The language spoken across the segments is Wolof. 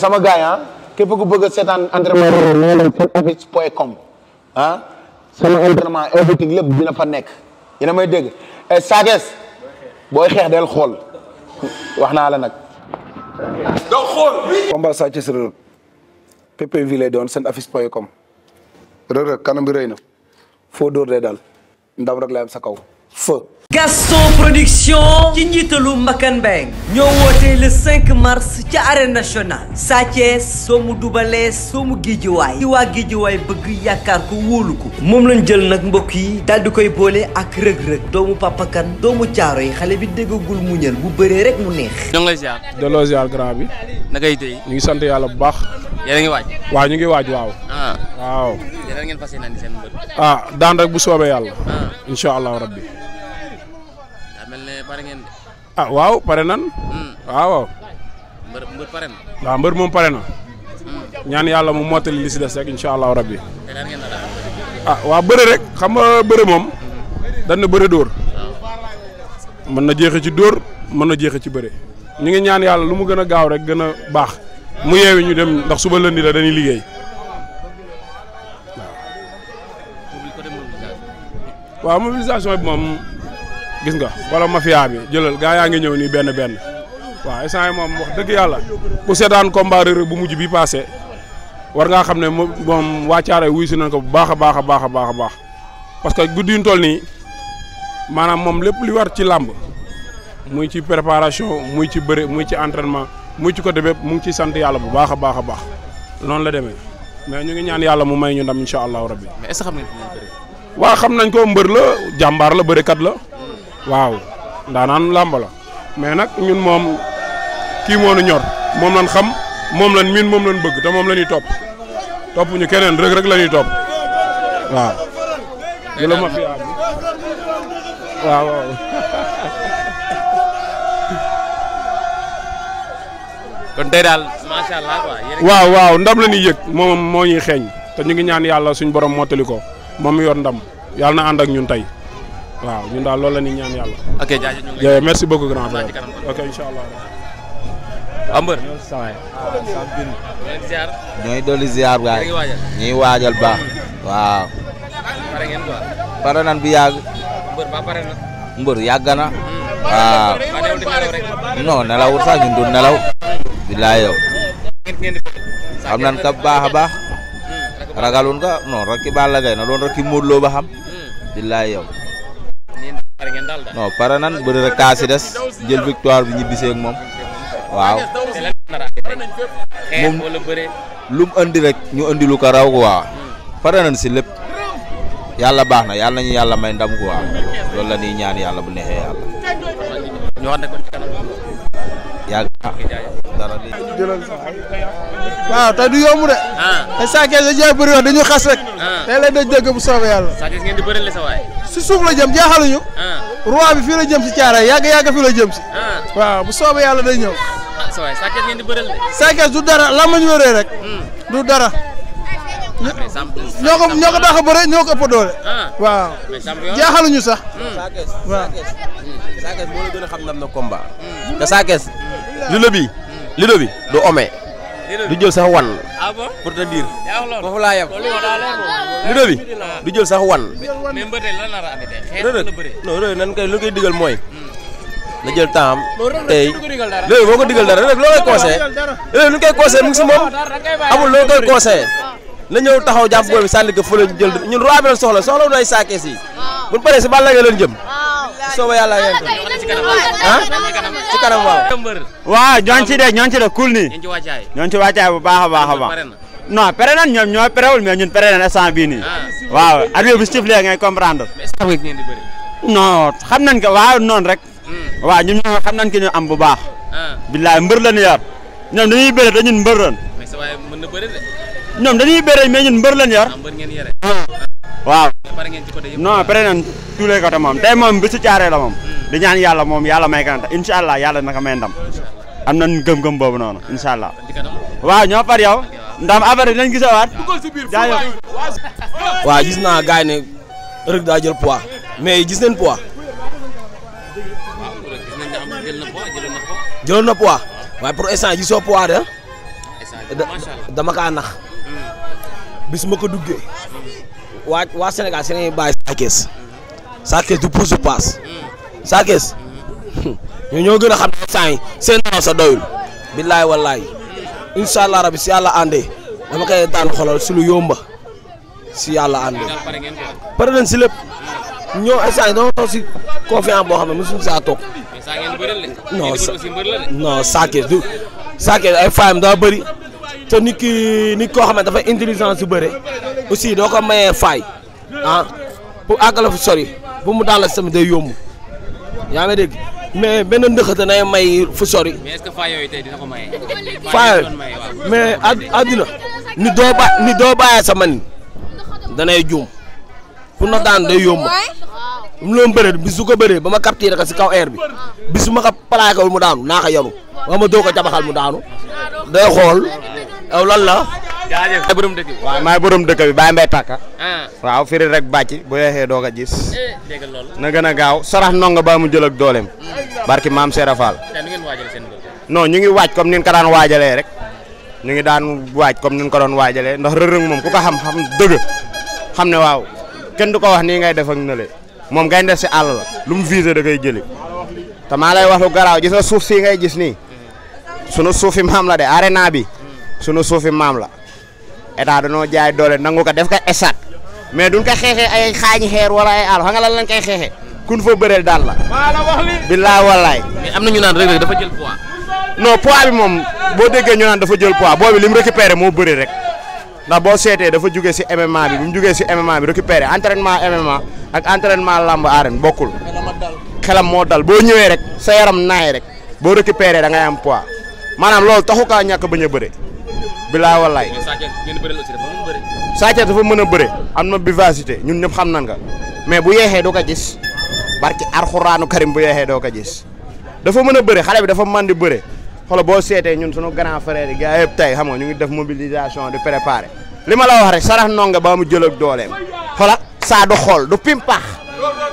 sama gars yi ah képp ku bëgg a seetaan entraînement réew mi nga dem seen office point com ah lépp dina fa nekk yéen may dégg ay eh, saakees booy xeex del xool wax naa la nag. doo xool. combat Sa Thiès doon seen office point com. Reug kanam bi rëy na. foo dóor day daal ndam rek lay sa kaw feu. Gaston production ci njiitalu Mbakan Mbengue ñoo wootee le 5 mars ci arène nationale Sa soo mu dubalee soo mu géejiwaay ci waa géejiwaay bëgg yaakaar ko wóolu ko moom lañ jël nag mbokk yi daal di koy boole ak rëg-rëg doomu papakan doomu caaro yi xale bi déggagul mu ñël bu bëree rek mu neex dong lay ziar delloo ziar grand bi nakay tey ñu ngi sant yàlla bu baax yéen ngi waaj waaw ñu ngi waaj waaw ah. waaw ngeen fas yéene seen mbër ah daan rek bu soobee yàlla ah. incha allahu rabbi pare ngeen de. ah waaw pare nan. Hmm. Ah, waaw waaw. mbër pare na. waaw moom pare na. Hmm. ñaan yàlla mu mottali li si des rek incha allahu rabbi. ah waa bëre rek xam nga bëre moom. Hmm. dañ na bëre dóor. mën na jeexe ci dóor mën na jeexe ci bëre. ñu ngi ñaan yàlla lu mu gën a gaaw rek gën a baax mu yeewi ñu dem ndax suba lëndi la dañuy liggéey gis nga wala mafia bi jëlal gaa yaa ngi ñëw nii benn benn waaw instant moom wax dëgg yàlla ku seetaan combat Reug bu mujj bi passé war ngaa xam ne moom waa Caaroy wuy si nañ ko bu baax a baax a baax a baax a baax parce que guddi yu toll nii maanaam moom lépp li war ci làmb muy ci préparation muy ci bëre muy ci entraînement muy ci côté bépp mu ngi ciy sant yàlla bu baax a baax a baax noonu la demee mais ñu ngi ñaan yàlla mu may ñu ndam incha allahu rabbi. mais est-ce que xam nga waa xam nañ ko mbër la jàmbaar la bërekat la. waaw ndaanaan làmb la mais nag ñun moom kii moo nu ñor moom lañ xam moom lañ miin moom lañ bëgg te moom la ñuy topp topp ñu keneen rek rek la ñuy waaw. la ma fi am waaw daal macha waaw waaw ndam la ñuy yëg moom moo ñuy xeeñ te ñu ngi ñaan yàlla suñu borom mottali ko moom mi yor ndam yàlla na ànd ak ñun tey. waaw ñun daal loolu la ñuy ñaan yàlla. ok jaajëf ñu merci beaucoup grand frère. ok incha allah. Ambër. waaw ñooy dolli ziar gaay ñuy waajal baax. waaw. pare ngeen quoi. nan bi yàgg. Mbër ba na. na. Hmm. waaw. non nelawul sax ñun du nelaw. bilaay yow. xam nan ka baax a baax. Hmm, ragalun ka non rakki Balla Gaye na doon rakki Modou Lo ba xam. Hmm. bilaay yow. non pare nan bëri rek kaas des jël victoire bi ñibbisee moom waaw. moom lu mu andi rek ñu andi lu ko raw waaw pare nan si lépp yàlla baax na yàlla ñu yàlla may ndam waaw loolu la ñuy ñaan yàlla bu neexee yàlla. ñu wax dara di jëlal waaw tey du yomb de ah. te Sa Thiès da jaay bëri wax dañu xas rek tey lay daj dëgg bu soobee yàlla Sa Thiès ngeen di si suuf la jëm jaaxaluñu ah. roi bi fii la jëm si caara yàgg yàgg fii la jëm si ah. waaw bu soobee yàlla day ñëw sa Sa Thiès ngeen di du dara la mañ wéree rek hmm. du dara ñoo ko daax a bëre ñoo ko ëpp doole waaw jaaxaluñu sax hmm. waaw Sa Thiès hmm. moo la gën a lido bi du omee. du jël sax wan. pour te dire. foofu laa yem. lido bi du jël sax wan. mais mbër tey lan la ra andi tey. nan kay lu koy digal mooy. na jël temps am tey léegi boo ko digal dara rek loo koy conseillé léegi nu koy conseillé mu ngi si moom amul loo koy conseillé na ñëw taxaw jàpp boobu sànni ko fële jël ñun roi bi lañ soxla soxla wu ñu ay saakees yi bu ñu paree jëm. sooba yàlla yéen ah ci kanam waaw. waaw ñooñu ci de ñooñu ci de kul nii ñooñu ci wàccaay bu baax a baax a baax non pare nan ñoom ñoo perewul mais ñun pare nan instant bii nii ah. waaw at bu siflee ngay comprendre. non xam nañ ko waaw noonu rek. Hmm. waa ñun ñoo xam nañ ko ñu am bu baax. Ah. billaay mbër la ñu yor ñoom dañuy bëre te ñun mbër lañ. ñoom dañuy bëre mais ñun mbër lañ yor. Ah, waaw. non pare nañ tous les côtés moom tey moom bi si caaree moom. Hmm. di ñaan yàlla moom yàlla may ka ndam incha allah yàlla naka may ndam. am na gëm-gëm boobu noonu incha allah. waaw ñoo par yow. ndam affaire dinañ gisawaat. jaajëf. waaw gis naa gars yi ne rëgg daa jël poids mais gis nañ poids. jëloon na poids waaye pour instant gisoo poids de. dama kaa nax. Hmm. bis ma ko duggee. waa waa Sénégal seen i bàyyi Sa Thiès Sa Thiès du pousse du passe Sa ñoo ñoo gën a xam ne saa yi seen naaw sa doyul billaay wallaay incha allah si yàlla àndee dama koy daan xolal si lu yomba si yàlla àndee pare nañ ñoo instant yi si confiance boo xam ne mosuñ saa toog non non du Sa Thiès ay faayam daa bëri. te nit ki nit koo xam ne dafa intelligence su bëre aussi doo ko mayee faay ah pour àggala fu sori bu mu daal la sama day yomb yaa ngi dégg mais benn ndëxate nay may fu sori. mais faay yooyu tey dina mais àddina ni doo ba ni doo danay juum pour na daan day yomb. mu loon bëree bis su ko bëree ba ma capturé ko si kaw air bi bis su ma ko plaqué wul mu daanu naa ko yaru wax ma doo ko jabaxal mu daanu day xool. aw lan la. jaajëf maay borom dëkk bi. waaw maay borom dëkk bi Baye Mbaye Pakka. Ah. waaw firi rek bàcc bu yeexee doog a gis. Eh, dégg loolu. na gën a gaaw sarax nonga ba mu jël ak dooleem. Hmm. barki maam Serap Fall. tey nu ngeen waajalee seen non ñu ngi waaj comme ni ñu ko daan waajalee rek. ñu ngi daan waaj comme ni ñu ko doon waajalee ndax rërëng moom ku ko xam-xam dëgg xam ne waaw ken du ko wax nii ngay def ak nële moom ngay def si àll la lu mu visé da koy jëli te maa lay wax lu garaaw gis nga suuf si ngay gis nii hmm. sunu suufi maam la de arena bi sunu suufi maam la état danoo jaay doole nangu ko def ko esat mais duñ ko xeexee ay xaañi xeer wala ay àll xam nga lan lañ koy xeexee kun fa bëreel daal la. billaay wallaay. am na ñu naan rek rek dafa jël poids. non poids bi moom boo déggee ñu naan dafa jël poids boobu li mu peere moo bëri rek ndax boo seetee dafa jugee si MMA bi bu mu jugee si MMA bi récupéré entraînement MMA ak entraînement lamb arène bokkul. xelam moo dal boo ñëwee rek sa yaram naay rek boo récupéré da ngay am poids maanaam loolu taxu kaa ñàkk bañ a bilaa walaay. mais Sa Thiès ngeen dafa mën a bëre. a bëre am na vivacité ñun ñëpp xam nan nga mais bu yeexee doo ko gis barki arxuraanu karim bu yeexee doo ko gis dafa mën a bëre xale bi dafa mën bëre xoolal boo seetee ñun sunu grand frère yi gars yëpp tey xam nga ñu ngi def mobilisation di préparer li ma la wax rek sarax nonga baa mu jël ak dooleem xoolal saa du xool du pimpax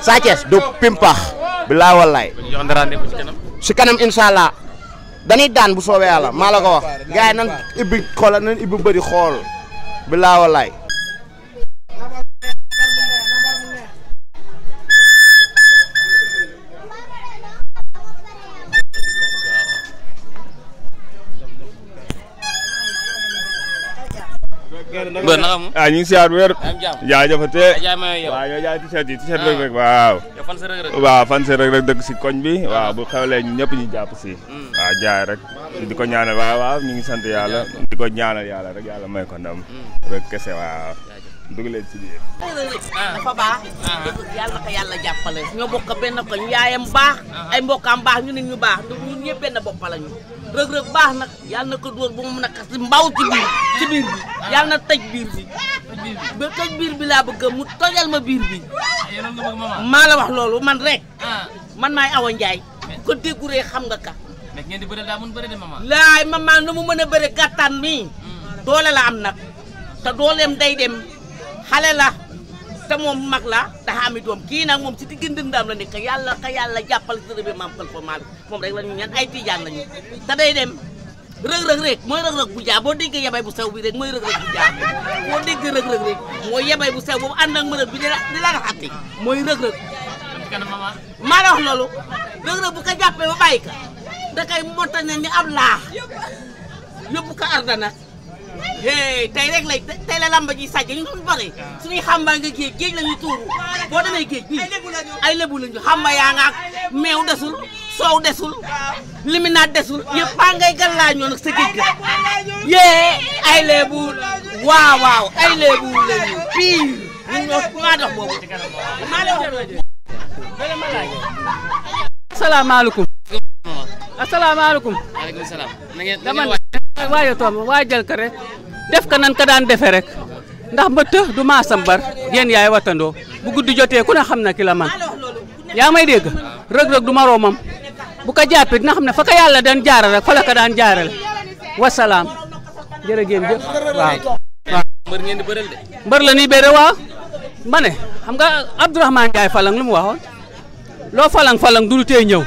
Sa Thiès du pimpax bilaa walaay. si kanam incha dañuy daan bu soobee yàlla maa la ko wax gars yi nan ibbi xoolal nan ibbi bëri xool bi laa walaay mbër naka mu. ah ñu ngi siyaar wér. jaajëfate. waaw ñoo jaay t-shirt rek ah. rek waaw. fan si rek rek si koñ bi ah. waaw bu xewlee ñun ñëpp ñu jàpp si. Hmm. waaw jaay rek. di ko ñaanal waaw waaw ñu ngi sant yàlla. di ko ñaanal yàlla rek yàlla may ko ndam. Hmm. rek kese waaw. dugg leen rëg baax nag yàlla na ko dóor ba mu naka si mbaw ci biir ci biir bi yàlla na tëj biir bi ba tëj biir bi laa bëgga mu tojal ma biir bi maa la wax loolu man rek ah. man maay Awa Ndiaye ko dégguree xam nga ka ngeen di bëre daa mën bëre de maman laay maman nu mu mën a bëre gàttaan mi hmm. doole la am nag te dooleem day dem xale la te moom mag la dafa ami doom kii nag moom ci digg ndëndaam la nekk yàlla ka yàlla jàppal sërëbe maam Xalifa Maalik moom rek la ñu ñaan ay tijaan lañu te day dem rëg-rëg rek mooy rëg-rëg bu jaa boo déggee yabay bu sew bi rek mooy rëg-rëg bu jaa boo déggee rëg-rëg mooy yabay bu sew boobu ànd ak mërëb bi di la di la raxati mooy rëg-rëg maa la wax loolu rëg-rëg bu ko jàppee ba bàyyi ka da kay motta ne ni ab laax yóbbu ko ardana tey rek lay tey la lamba ji sàcc ñu doon bare ah. suñuy xamba nga géej géej la ñuy tuuru boo demee géej bi ay lébu lañu xamba yaa nga ak meew desul soow desul liminaat desul yëpp paa ngay gàllaa ñoo nag sa ay lébu waaw ay lébu lañu pii ñun ñoo maa dox boobu salaam. na ngeen na waaye toom waa jël ko rek def ko nan ko daan defee rek ndax ba të du maasa mbar yéen yaay watandoo bu guddi jotee ku ne xam na ki la man yaa may dégg rëg-rëg du moroomam bu ko jàppee dina xam ne fa ko yàlla daan jaara rek fa la daan jaarale wasalaam jërë ngeen jëf mbër la nii bëre waaw ma xam nga Abdourahmane Ndiaye falang lu mu waxoon loo falang falang du lu tee ñëw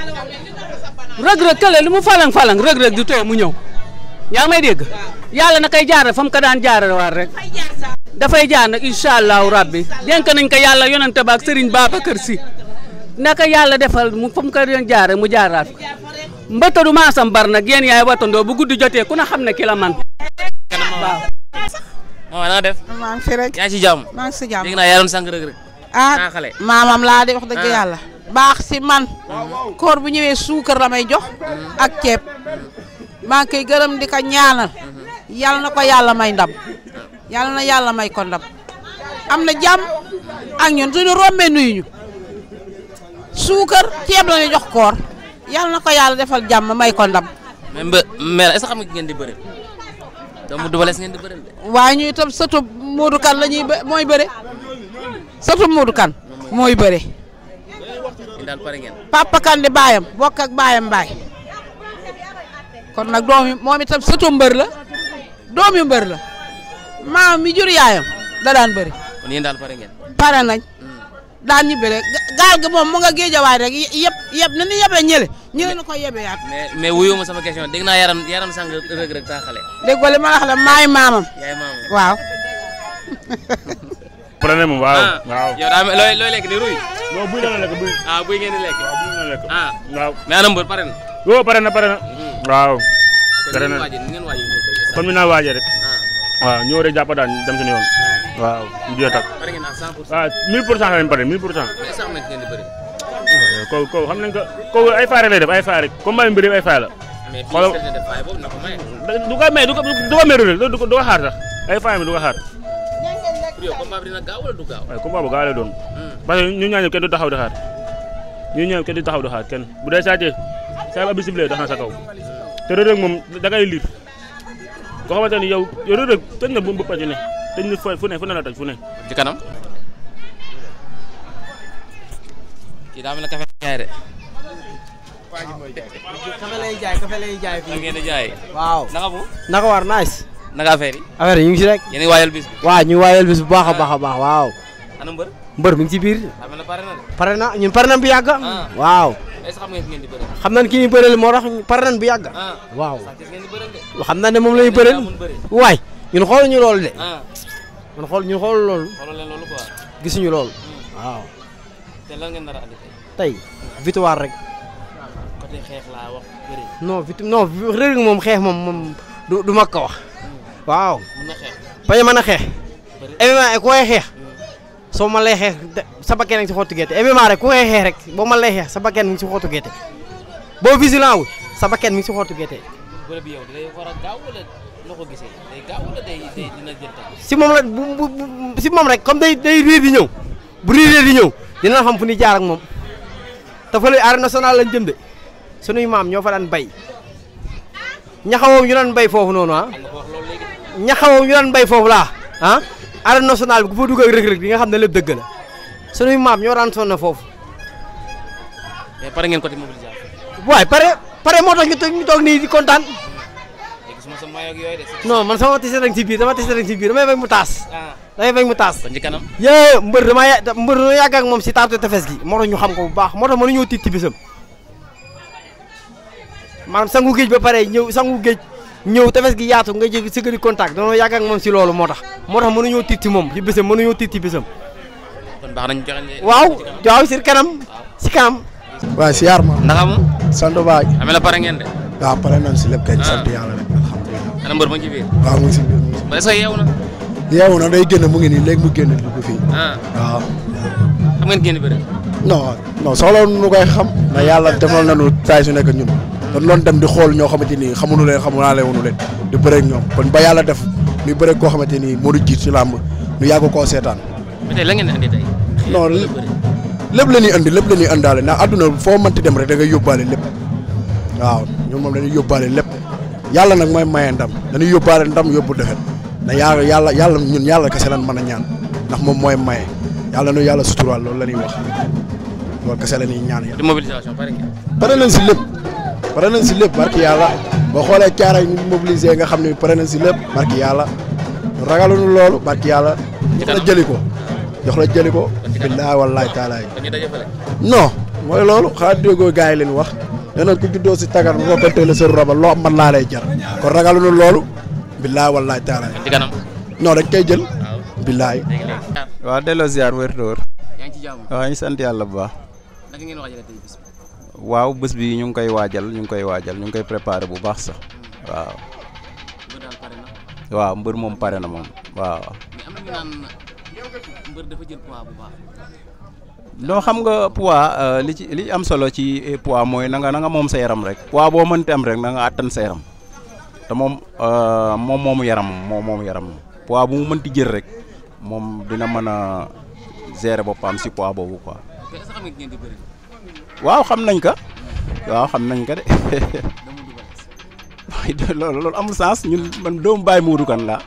rëg-rëg kële lu mu falang falang rëg-rëg du mu ñëw. yaa may dégg yàlla na koy jaara fa mu ko daan jaara waar rek dafay jaar nag incha allahu rabbi dénk nañ ko yàlla yonante baak Serigne Babacar si naka yàlla defal mu fa mu ko doon jaare mu jaaraat ko mbëttalu maasam bar nag yéen watandoo bu guddi jotee ku na xam ne ki la man waaw mama na def maa ngi fi rek maa ngi ci jàmm dégg naa yaa ah, doon maamam laa de wax da dëgg ah. yàlla baax si man koor bu ñëwee suukar la may jox ak ceeb maa ngi koy gërëm di ka ñaanal yàlla na ko yàlla may ndam yàlla na yàlla may ko ndam am na jàmm ak ñun suñu rombee nuyu ñu suukar ceeb la ñu jox koor yàlla na ko yàlla defal jàmm may ko ndam. mais Mbé Mbéla est-ce que xam nga ngeen di bëri. doomu Double Less ngeen waaye ñu itam sëtub Modou Kane la ñuy mooy bëre sëtub Modou Kane mooy bëre. Papa Kane di baayam bokk baayam baay. kon nag doom yi moom itam sëtu mbër la doom yu mbër la maam mi jur yaayam da daan bëri. kon daal pare ngeen. pare nañ. daan ñu gaal ga moom mu nga géejawaay rek yëpp yëpp na ni yebee ñële ñële ko yebee yaat. mais mais wuyu ma sama question dégg naa yaram yaram sàng rëg rëg taa xale. dégg li ma la wax la maay maamam. waaw. problème ah, ah, ah. anam bër pare na. woo oh, pare mm-hmm. waaw. tere na kon mi naa waajee rek. Ah. waaw ñoo rek jàpp daal dem suñu yoon. Hmm. waaw mu jiyee tàkk. waaw 1000 pour cent lañ pare 1000 pour ko xam nañ ko ko ay faare lay def ay faare comme mbay mbir ay faare la. xoolal du ko may du ko du ko meru du ko xaar sax ay faare mi du ko xaar. waaw combat bi bu gaaw lay doon. Hmm. parce que ñu ñaan kenn du taxaw di xaar ñu ñaan kenn du taxaw di xaar kenn bu dee saa tey saa bi ab bisimilah dox na sa kaw. te rëg-rëg moom da ngay liir koo xamante ni yow rëg-rëg tëj na bu mu bëppaju ne tëj na fu ne fu ne la tëj fu ne ci kanam kii daa mel ne kafe jaay de kafe lay jaay kafe lay jaay fii ngeen di jaay waaw naka bu naka war nice naka affaire yi affaire yi ñu ngi si rek yéen a ngi waayal bis bi waaw ñu ngi waayal bis bu baax a baax a baax waaw ana mbër mbër mi ngi ci biir pare na ñun pare na bu yàgg ah. waaw est-ce que xam ngeen ngeen di bëreel. xam nañ ki ñuy bëreel moo tax pare nañ bu yàgg. Ah. waaw xam naa ne moom la ñuy waay ñun xool ñu loolu de. Ah. ñun xool ñu xool loolu. xoolal loolu quoi. gisuñu loolu. Hmm. waaw. te lan ngeen nar a andi rek. côté xeex moom xeex moom du du ko wax. Hmm. waaw. mën na xeex. bañ a mën a xeex. soo ma lay xeex sa bakkeen a ngi si xottu gerte MMA rek ku koy rek boo ma lay xeex sa bakkeen mi ngi si xottu gerte boo vigilant wul sa bakkeen mi si xottu gerte. bërëb yow day ko gisee si moom si moom rek comme day day réer di ñëw bu réeree ñëw dina xam fu ñuy jaar ak moom te fële arène nationale lañ jëm de sunuy maam ñoo fa daan bay ñaxawoo ñu daan bay foofu noonu ah. ñaxawoo ñu daan bay foofu laa ah. arène nationale bi ku fa dugg ak rëg-rëg di nga xam ne lépp dëgg la sunuy maam ñoo daan sonn foofu. mais pare ngeen côté mobilisation. waaye pare pare moo tax ñu toog ñu toog nii di kontaan. gisuma sa maillot yooyu de. non man sama t-shirt rek ci biir sama t-shirt rek ci biir damay bañ mu taas. Ah. damay bañ mu taas. kon ci kanam. yee mbër damaa ya mbër dañoo yàgg ak moom si taatu tefes gi moo tax ñu xam ko bu baax moo tax mënuñoo tiit ci bisam maanaam sangu géej ba pare ñëw sangu géej ñëw tefes gi yaatu nga jéggi si gëri contact danoo yàgg ak moom si loolu moo tax moo tax mënuñoo tiit ci moom ci bésam mënuñoo tiit ci bésam kon baax waaw waaw si kanam si kanam waaw si yaar ma ndax am sant baay amee la pare ngeen de waaw pare nañ si lépp kañ sant ah. yàlla rek alhamdulilah ana mbër ma ngi ci biir waaw mu ngi si biir ba sax yeewu na yeewu na day génn mu ngi nii léegi mu génn dugg fii ah. waaw xam ngeen génn bëri non non soxla nu koy xam na yàlla defal nañu saay su nekk ñun dañ doon dem di xool ñoo xamante ni xamuñu leen xamunaale wunu leen di bëreeg ñoom kon ba yàlla def muy bëreeg koo xamante ni moo di jiit ci làmb ñu yàgg koo seetaan. la ngeen andi lépp la ñuy indi lépp la ñuy andaale ndax àdduna foo mënti dem rek da ngay yóbbaale lépp waaw ñun moom dañuy yóbbaale lépp yàlla nag mooy maye ndam dañuy yóbbaale ndam yóbbu defet na yàlla yàlla yàlla ñun yàlla kese lan mën a ñaan ndax moom mooy maye yàlla nu yàlla suturaal loolu la ñuy wax loolu kese la ñuy ñaan yàlla. mobilisation nañ si lépp pare nañ si lépp barki yàlla boo xoolee caara ñu mobilisé nga xam ni pare nañ si lépp barki yàlla ragaluñu loolu barki yàlla jox la jëli ko jox la jëli ko billaahi wallaahi taala non mooy loolu xanaa déggoo gars yi leen wax nee ku juddoo si tagar bu ko kontee la seen roba loo man laa lay jar kon ragaluñu loolu billaahi wallaahi taala non dañ kay jël billaahi waaw delloo ziar wér-dóor waaw ñu sant yàlla bu baax naka ngeen waajalee waaw bës bi ñu ngi koy waajal ñu ngi koy waajal ñu ngi koy préparé bu baax sax waaw. waaw mbër moom pare na moom waaw. loo xam nga poids euh, li ci li am solo ci euh, poids mooy na nga moom sa yaram rek poids boo mënti am rek na nga àttan sa yaram te moom euh, moom moomu yaram moom moomu yaram poids bu mu mënti jël rek moom dina mën a gérer boppam si poids boobu quoi. waaw xam nañ ko waaw xam nañ ko de loolu loolu amul sens ñun man doomu Baye Modou Kane la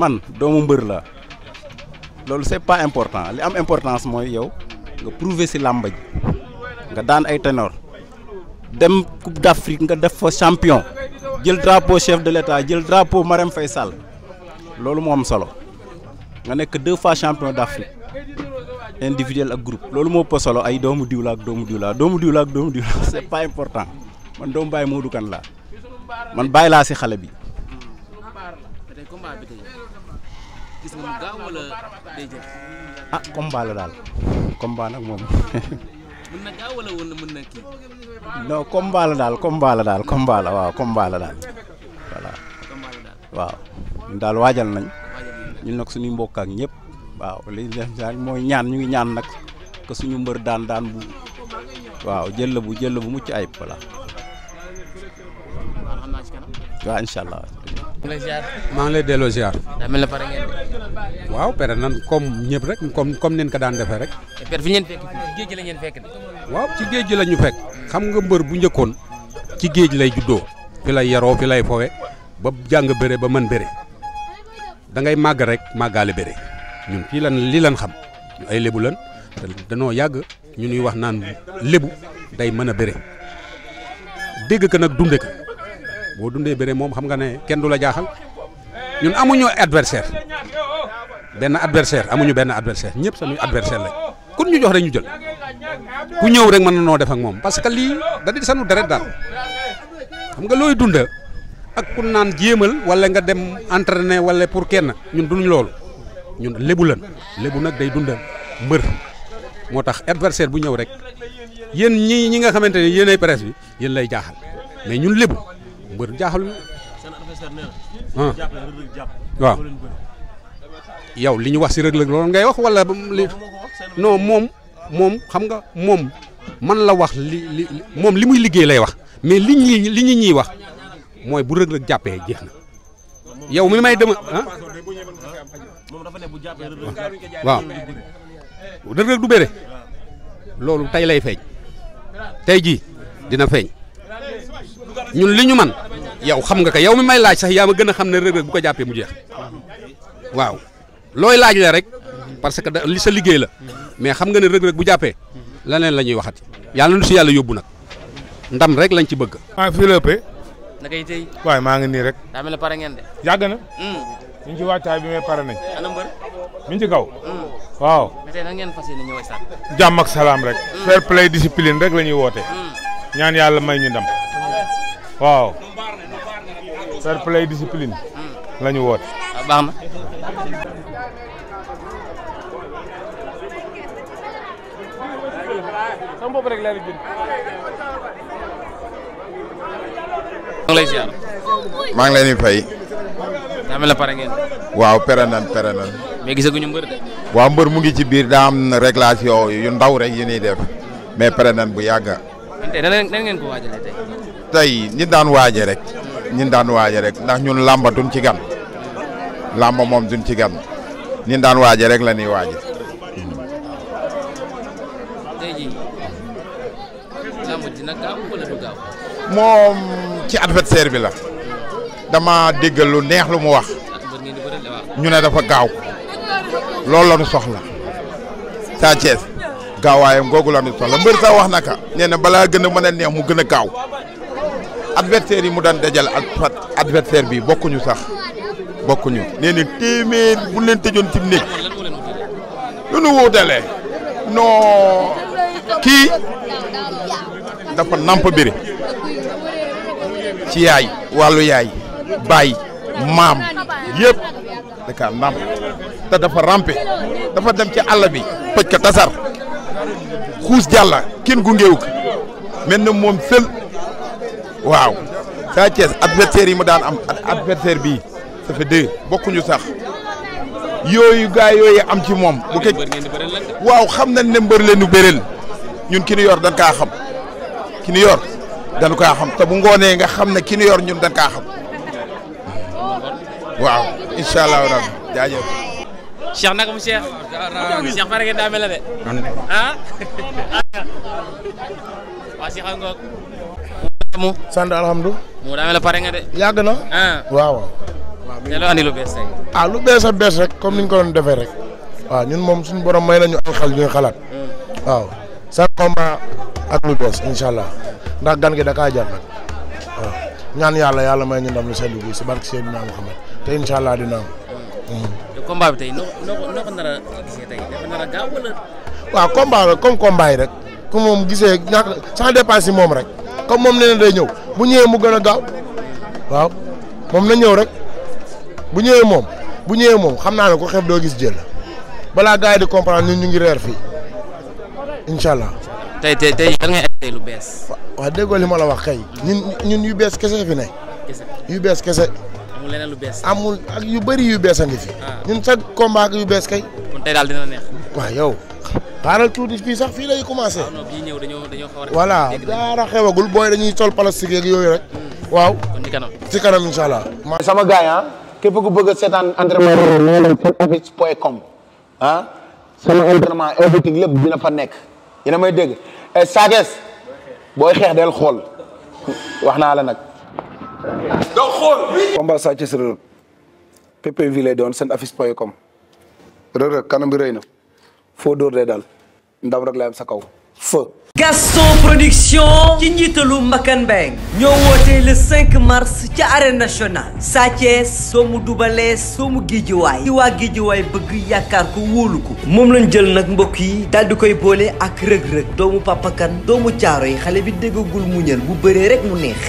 man doomu mbër la loolu c'est pas important li am importance mooy yow nga prouver si làmba ji nga daan ay ténor dem Coupe d'Afrique nga def fa champion jël drapeau chef de l'État jël drapeau Marème fay Sall loolu moo solo nga nekk deux fois champion d'Afrique individuel ak group loolu moo ëpp solo ay doomu diw la ak doomu diw doomu diw la ak doomu diw la c'est pas important man doomu Baye Modou Kane laa man bàyyi laa si xale bi. ah combat la daal combat nag moom. mën na gaaw wala daal combat la daal combat la waaw combat la daal waaw ñun daal waajal nañ ñun nag suñuy mbokk ak ñëpp. waaw li def daal mooy ñaan ñu ngi ñaan nag que suñu mbër daan daan bu waaw jël bu jël bu mucc ayib voilà. waaw incha allah. maa ngi lay delloo ziar. mel ne pare waaw pare nan comme ñëpp rek comme comme neen ko daan defee rek. père fi ngeen fekk géej la ngeen fekk de. waaw ci géej gi la ñu fekk. xam nga mbër bu njëkkoon ci géej lay juddoo. fi lay yaroo fi lay fowe ba jàng bëre ba man bëre dangay màgg rek màggaale bëre. ñun fii lan li lan xam ay lébu lan te danoo yàgg ñu ñuy wax naan lébu day mën a bëre dégg ko nag dunde ko boo dundee bëre moom xam nga ne kenn du la jaaxal ñun amuñu adversaire benn adversaire amuñu benn adversaire ñëpp sañuy adversaire lañ kun ñu jox rek ñu jël ku ñëw rek mën na noo def ak moom parce que lii da di sanu deret daal xam nga looy dund ak kun naan jéemal wala nga dem entraîner wala pour kenn ñun duñu loolu. ñun lébu lan lébu nag day dundal mbër moo tax adversaire bu ñëw rek yéen ñi ñi nga xamante ne yéenay presse bi yéen lay jaaxal mais ñun lébu mbër jaaxaluñu. Ah. waaw yow li ñu wax si Reug Reug loolu ngay wax wala li non moom moom xam nga moom man la wax li li moom li muy liggéey lay wax mais li ñi li ñu ñuy wax mooy bu Reug Reug jàppee jeex na yow mi may dem ah? waaw Reug Reug du bëre loolu tey lay feeñ tey jii dina feeñ ñun li ñu man yow xam nga ko yow mi may laaj sax yaa ma gën a xam ne Reug Reug bu ko jàppee mu jeex waaw looy laaj la rek parce que li sa liggéey la mais xam nga ne Reug Reug bu jàppee leneen la ñuy waxati yàlla nu si yàlla yóbbu nag ndam rek lañ ci bëgg. ah fii maa ngi nii rek. ñu ngi ci wàccaay bi may pare nañ. ana mi ci kaw. Hmm. waaw. mais salaam rek. Hmm. fair play discipline rek la ñuy woote. Hmm. ñaan yàlla may ñu ndam. waaw. fair play discipline. la ñu woote. Ah, baax na. maa ngi leen daa mel ne waaw pere nan pere nan. mais gisaguñu mbër de. waaw mbër mu ngi ci biir daa am na réglage yu ndaw rek yu ñuy def mais pere nan bu yàgga tey nan tey. tey daan waaje rek. ñi daan waaje rek ndax ñun làmba duñ ci gan. làmba moom duñ ci gan. daan waaje rek la ñuy waaje. moom ci adversaire bi la. dama dégg lu neex lu mu wax ñu ne dafa gaaw loolu la ñu soxla Sa Thiès gaawaayam googu la ñu soxla mbër sax wax naka nee na balaa gën a mën a neex mu gën a gaaw adversaire yi mu daan dajal ak adversaire bi bokkuñu sax bokkuñu nee na téeméer bu leen tëjoon ci néeg lu nu wuutalee non kii dafa namp biri ci yaay wàllu yaay baay maam yëpp da kaa te dafa rampe dafa dem ci àll bi pëj ka tasar xuus jàlla kenn gungeewu ko mel na moom sël waaw Sa Thiès adversaire yi ma daan am adversaire bi ça fait deux bokkuñu sax yooyu gaa yooyu am ci moom bu ko waaw xam nañ ne leen leenu bëreel ñun ki ñu yor dañ kaa xam ki ñu yor dañ kaa xam te bu ngoonee nga xam ne ki ñu yor ñun dañ kaa xam waaw insha allah rabbi jaajëf. Cheikh naka mu mel de. ah. waa Cheikh ak ngoog. daa mel pare nga yàgg na. Ah. waaw. waaw te loo andi lu bees rek. Ah, bees rek comme ni ñu ko doon defee rek. waaw ñun suñu borom may nañu ay xel ñuy xalaat. Hmm. waaw sa combat ak lu bees incha allah ndax gan gi da kaa ñaan yàlla yàlla may ñu ndam lu sedd bi si barke Seydina Muhammad te incha allah dina am. te combat bi tey waaw combat la comme combat rek comme moom gisee ñàkk sans dépense yi moom rek comme moom nee na day ñëw bu ñëwee mu gën a gaaw waaw moom na ñëw rek bu ñëwee moom bu ñëwee moom xam naa ne ko xeeb doo gis jël balaa gars yi di comprendre ñun ñu ngi reer fii incha tey tey tey yan ngay tey lu bees. waaw déggoo li ma la wax kay. ñun ñun yu bees kese fi ne. yu bees kese. amul lu bees. amul ak yu bëri yu bees a ngi fi. ñun sax combat yu bees kay. kon tey daal dina neex. waaw yow. xaaral tuuti fii sax fii lay commencé. waaw non bii ñëw dañoo dañoo xaw a. voilà daara xewagul booy dañuy sol plastique yooyu rek. waaw kon ci kanam. ci kanam incha allah. sama gars yi ah képp ku bëgg a seetaan entraînement rek na nga dem senoffice point com ah sama everything lépp dina fa nekk yéen a may dégg Sa Thiès booy xeex del xool wax naa la nag. donc xool. combat Sa Thiès Reug Reug PPV lay doon seen affice point com. kanam bi rëy na. foo dóor day daal ndam rek lay sa kaw feu. Gaston Production ci njiitalu Mbakan Mbeng ñoo wootee le 5 mars ci arène nationale Sa Thiès soomu dubalee soomu géejiwaay ci waa géejiwaay bëgg yaakaar ko wóolu ko moom lañ jël nag mbokk yi dal di koy boole ak rëg-rëg doomu papakan doomu caaro yi xale bi mu muñal bu bëree rek mu neex